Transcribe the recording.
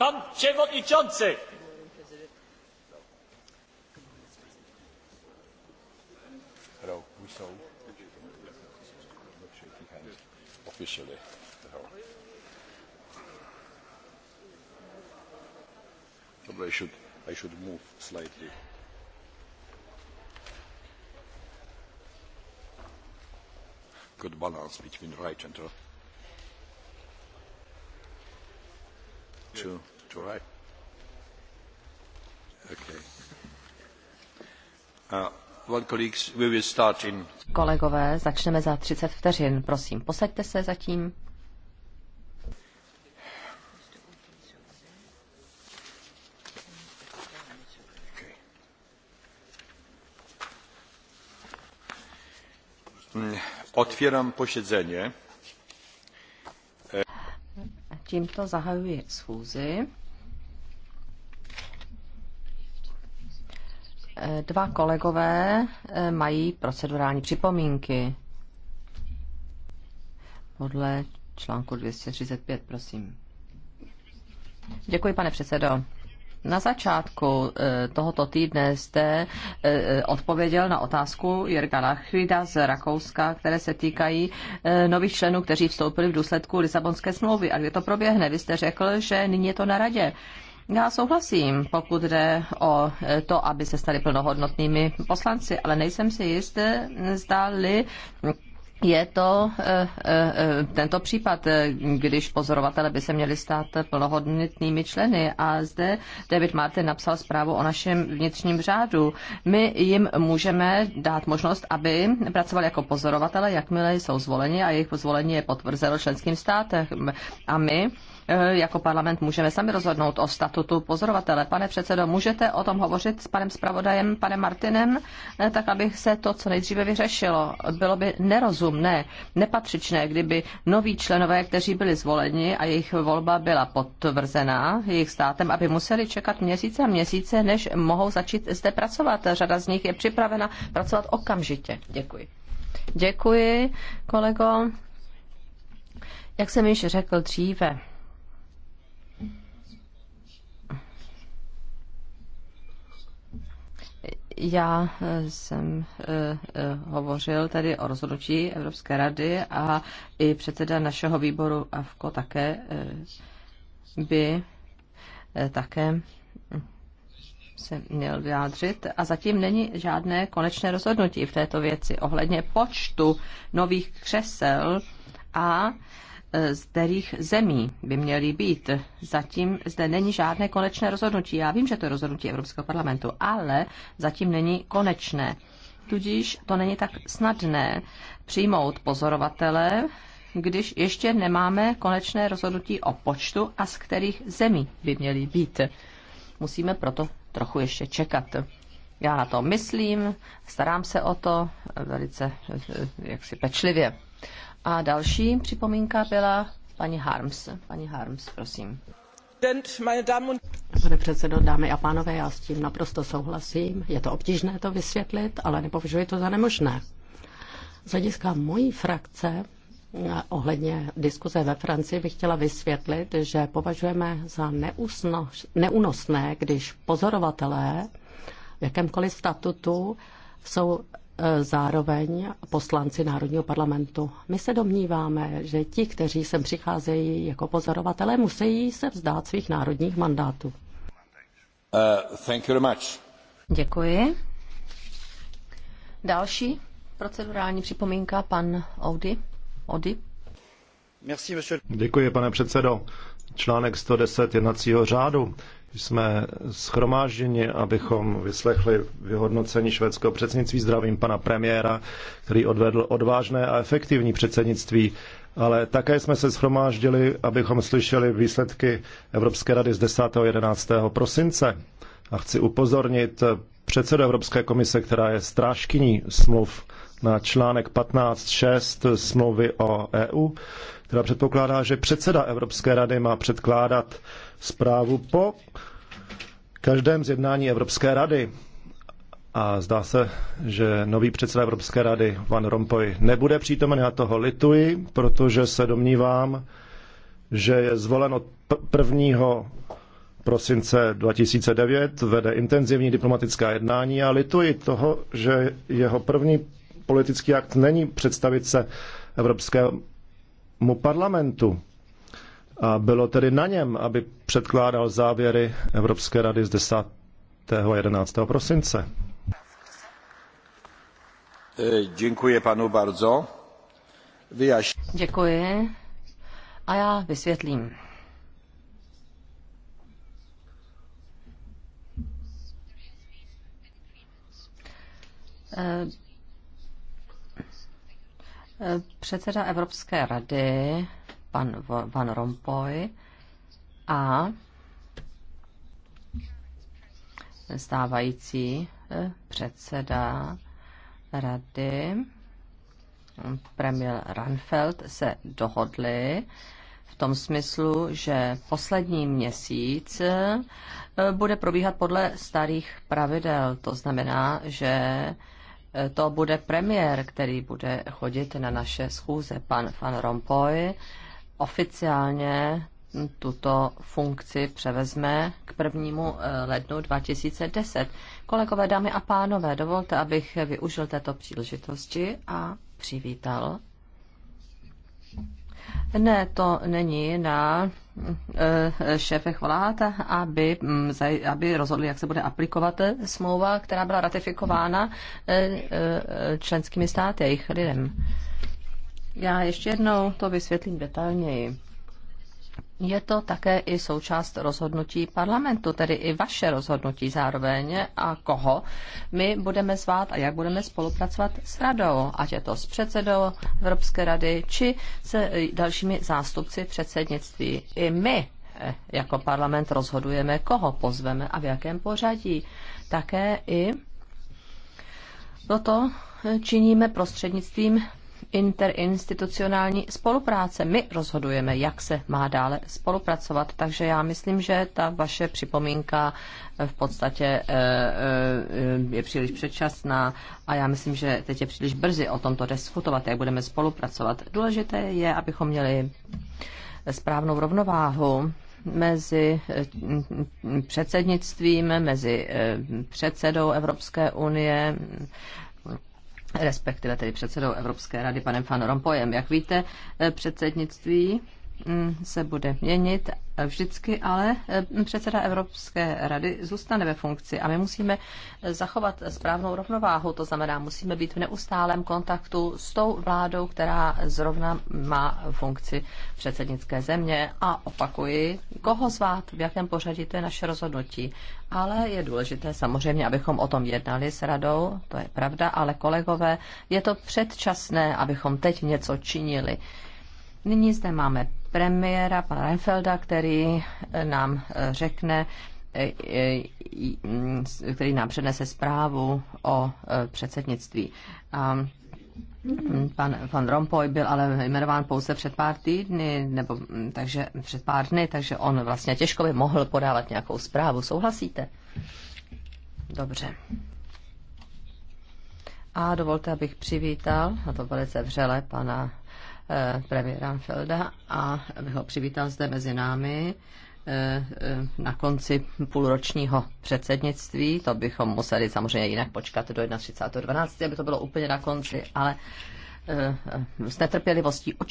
Pan przewodniczący! Hello, we saw officially. Probably I should, I should move slightly. Good balance between right and left. Two. It's right. Okay. Uh, well, colleagues, we will start in... Kolegové, začneme za 30 vteřin. Prosím, posaďte se zatím. Mm, Otvírám posedzeně. Tímto zahajuji schůzi. Dva kolegové eh, mají procedurální připomínky. Podle článku 235, prosím. Děkuji, pane předsedo. Na začátku eh, tohoto týdne jste eh, odpověděl na otázku Jirka Lachvida z Rakouska, které se týkají nových členů, kteří vstoupili v důsledku Lisabonské smlouvy. A kde to proběhne? Vy jste řekl, že nyní je to na radě. Já souhlasím, pokud jde o to, aby se stali plnohodnotnými poslanci, ale nejsem si jistý, zdali je to eh, eh, tento případ, eh, když pozorovatele by se měli stát plnohodnotnými členy. A zde David Martin napsal zprávu o našem vnitřním řádu. My jim můžeme dát možnost, aby pracovali jako pozorovatele, jakmile jsou zvoleni a jejich zvolení je potvrzeno členským státem. A my jako parlament můžeme sami rozhodnout o statutu pozorovatele. Pane předsedo, můžete o tom hovořit s panem zpravodajem, panem Martinem, tak aby se to co nejdříve vyřešilo. Bylo by nerozumné hlasům. Ne, nepatřičné, kdyby noví členové, kteří byli zvoleni a jejich volba byla potvrzená jejich státem, aby museli čekat měsíce a měsíce, než mohou začít zde pracovat. Řada z nich je připravena pracovat okamžitě. Děkuji. Děkuji, kolego. Jak jsem již řekl dříve, Já eh, jsem eh, eh, hovořil tady o rozhodnutí Evropské rady a i předseda našeho výboru AFKO také by také se měl vyjádřit a zatím není žádné konečné rozhodnutí v této věci ohledně počtu nových křesel a z kterých zemí by měly být. Zatím zde není žádné konečné rozhodnutí. Já vím, že to je rozhodnutí Evropského parlamentu, ale zatím není konečné. Tudíž to není tak snadné přijmout pozorovatele, když ještě nemáme konečné rozhodnutí o počtu a z kterých zemí by měly být. Musíme proto trochu ještě čekat. Já na to myslím, starám se o to velice eh, eh, jaksi pečlivě. A další připomínka byla paní Harms. Paní Harms, prosím. Pane předsedo, dámy a pánové, já s tím naprosto souhlasím. Je to obtížné to vysvětlit, ale nepovažuji to za nemožné. Z hlediska mojí frakce eh, ohledně diskuze ve Francii bych chtěla vysvětlit, že považujeme za neusno, neúnosné, když pozorovatelé v jakémkoliv statutu jsou E, zároveň poslanci Národního parlamentu. My se domníváme, že ti, kteří sem přicházejí jako pozorovatelé, musí se vzdát svých národních mandátů. Uh, thank you very much. Děkuji. Další procedurální připomínka, pan Audi. Audi. Merci, Děkuji, pane předsedo. Článek 110 jednacího řádu jsme schromážděni, abychom vyslechli vyhodnocení švédského předsednictví. Zdravím pana premiéra, který odvedl odvážné a efektivní předsednictví, ale také jsme se schromáždili, abychom slyšeli výsledky Evropské rady z 10. a 11. prosince. A chci upozornit předsedu Evropské komise, která je strážkyní smluv na článek 15.6 smlouvy o EU, která předpokládá, že předseda Evropské rady má předkládat zprávu po každém zjednání Evropské rady. A zdá se, že nový předseda Evropské rady, Van Rompuy, nebude přítomen. Já toho lituji, protože se domnívám, že je zvolen od 1. prosince 2009, vede intenzivní diplomatická jednání a lituji toho, že jeho první politický akt není představit se Evropské mu parlamentu. A bylo tedy na něm, aby předkládal závěry Evropské rady z 10. a 11. prosince. Děkuji panu bardzo. Vyjaš... Děkuji. A já vysvětlím. Uh, předseda Evropské rady, pan Van Rompuy, a stávající eh, předseda rady, premiér Ranfeld, se dohodli v tom smyslu, že poslední měsíc eh, bude probíhat podle starých pravidel. To znamená, že Eh, to bude premiér, který bude chodit na naše schůze, pan Van Rompuy. Oficiálně tuto funkci převezme k prvnímu eh, lednu 2010. Kolegové, dámy a pánové, dovolte, abych využil této příležitosti a přivítal ne, to není na eh, šéfech vlád, aby, mm, aby rozhodli, jak se bude aplikovat smlouva, která byla ratifikována eh, eh, členskými státy a jejich lidem. Já ještě jednou to vysvětlím detailněji je to také i součást rozhodnutí parlamentu, tedy i vaše rozhodnutí zároveň a koho my budeme zvát a jak budeme spolupracovat s radou, ať je to s předsedou Evropské rady či se e, dalšími zástupci předsednictví. I my e, jako parlament rozhodujeme, koho pozveme a v jakém pořadí. Také i toto činíme prostřednictvím interinstitucionální spolupráce. My rozhodujeme, jak se má dále spolupracovat, takže já myslím, že ta vaše připomínka eh, v podstatě eh, eh, je příliš předčasná a já myslím, že teď je příliš brzy o tomto diskutovat, jak budeme spolupracovat. Důležité je, abychom měli správnou rovnováhu mezi předsednictvím, mezi předsedou Evropské unie respektive tedy předsedou Evropské rady panem Van Rompoyem. Jak víte, eh, předsednictví Mm, se bude měnit vždycky, ale mm, předseda Evropské rady zůstane ve funkci a my musíme zachovat správnou rovnováhu, to znamená, musíme být v neustálém kontaktu s tou vládou, která zrovna má funkci předsednické země a opakuji, koho zvát, v jakém pořadí, to je naše rozhodnutí. Ale je důležité samozřejmě, abychom o tom jednali s radou, to je pravda, ale kolegové, je to předčasné, abychom teď něco činili. Nyní zde máme premiéra, pana Renfelda, který nám eh, řekne, eh, eh, který nám přednese zprávu o předsednictví. A mm, pan Van Rompuy byl ale jmenován pouze před pár týdny, nebo mm, takže před pár dny, takže on vlastně těžko by mohl podávat nějakou zprávu. Souhlasíte? Dobře. A dovolte, abych přivítal, a to velice vřele, pana Eh, premiéra Felda a bych ho přivítal zde mezi námi eh, eh, na konci půlročního předsednictví. To bychom museli samozřejmě jinak počkat do 31.12., aby to bylo úplně na konci, ale s netrpělivostí očekávám.